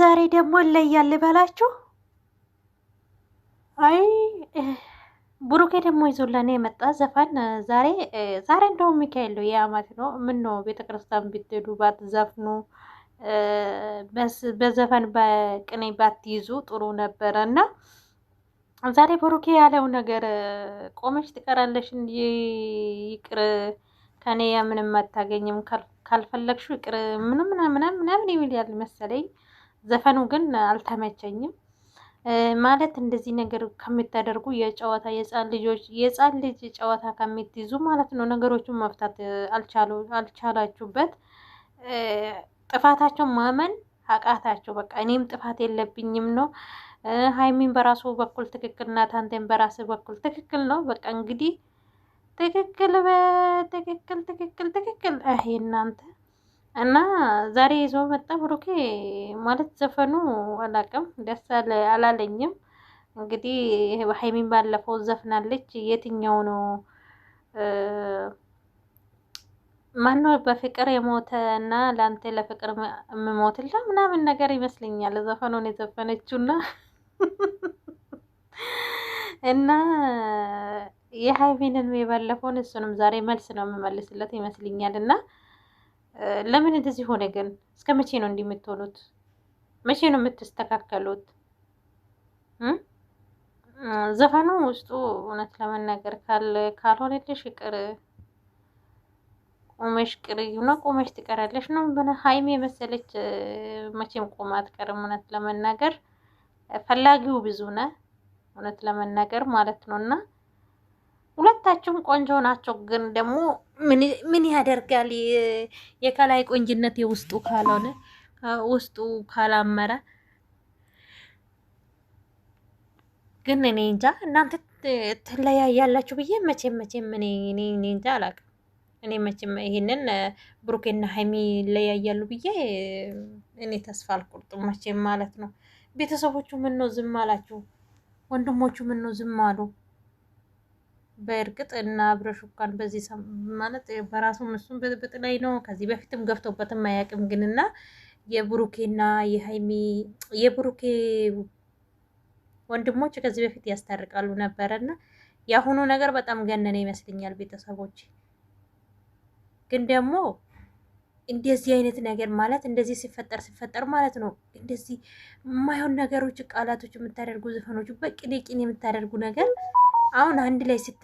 ዛሬ ደግሞ እለያል በላችሁ። አይ ብሩኬ ደግሞ ይዞላን የመጣ ዘፈን ዛሬ ዛሬ እንደውም ሚካኤል ነው የአማት ነው። ምን ነው ቤተክርስቲያን ብትሄዱ ባትዘፍኑ በዘፈን በቅኔ ባትይዙ ጥሩ ነበረ እና ዛሬ ብሩኬ ያለው ነገር ቆመች ትቀራለሽ እንጂ ይቅር ከኔ ምንም አታገኝም ካልፈለግሹ ይቅር ምንም ምናምን ምናምን የሚል ያል መሰለኝ ዘፈኑ ግን አልተመቸኝም። ማለት እንደዚህ ነገር ከምታደርጉ የጨዋታ የጻን ልጆች የጻን ልጅ ጨዋታ ከምትይዙ ማለት ነው። ነገሮቹን መፍታት አልቻላችሁበት፣ ጥፋታቸው ማመን አቃታቸው። በቃ እኔም ጥፋት የለብኝም ነው። ሀይሚን በራሱ በኩል ትክክል ናት፣ አንተን በራስ በኩል ትክክል ነው። በቃ እንግዲህ ትክክል በትክክል ትክክል ትክክል ይሄ እናንተ እና ዛሬ ይዞ መጣ ብሩኬ ማለት ዘፈኑ አላቅም ደስ አላለኝም። እንግዲህ ሀይሚን ባለፈው ዘፍናለች። የትኛው ነው ማነው በፍቅር የሞተ እና ለአንተ ለፍቅር የምሞትላ ምናምን ነገር ይመስለኛል ዘፈኑን የዘፈነችው እና እና የሀይሚንን የባለፈውን እሱንም ዛሬ መልስ ነው የምመልስለት ይመስልኛል እና ለምን እንደዚህ ሆነ ግን? እስከ መቼ ነው እንዲህ የምትሆኑት? መቼ ነው የምትስተካከሉት? ዘፈኑ ውስጡ እውነት ለመናገር ካልሆነልሽ ይቅር ቆመሽ ቅሪ ነው ቆመሽ ትቀራለሽ ነው። በነ ሀይሜ የመሰለች መቼም ቆማ አትቀርም። እውነት ለመናገር ፈላጊው ብዙ ነ እውነት ለመናገር ማለት ነው እና ሁለታችሁም ቆንጆ ናቸው። ግን ደግሞ ምን ያደርጋል የከላይ ቆንጅነት የውስጡ ካልሆነ ውስጡ ካላመረ ግን እኔ እንጃ እናንተ ትለያያላችሁ ብዬ መቼም መቼም እኔ እንጃ አላውቅም። እኔ መቼም ይህንን ብሩኬና ሀይሚ ይለያያሉ ብዬ እኔ ተስፋ አልቆርጥም መቼም ማለት ነው። ቤተሰቦቹ ምን ነው ዝም አላችሁ? ወንድሞቹ ምን ነው ዝም አሉ? በእርግጥ እና አብረሽ እንኳን በዚህ ማለት በራሱ እሱም ብጥብጥ ላይ ነው። ከዚህ በፊትም ገፍቶበትም አያውቅም። ግን እና የብሩኬና የሀይሚ የብሩኬ ወንድሞች ከዚህ በፊት ያስታርቃሉ ነበረ እና የአሁኑ ነገር በጣም ገነነ ይመስለኛል። ቤተሰቦች ግን ደግሞ እንደዚህ አይነት ነገር ማለት እንደዚህ ሲፈጠር ሲፈጠር ማለት ነው። እንደዚህ የማይሆን ነገሮች፣ ቃላቶች የምታደርጉ ዘፈኖች፣ በቅኔ ቅኔ የምታደርጉ ነገር አሁን አንድ ላይ ስት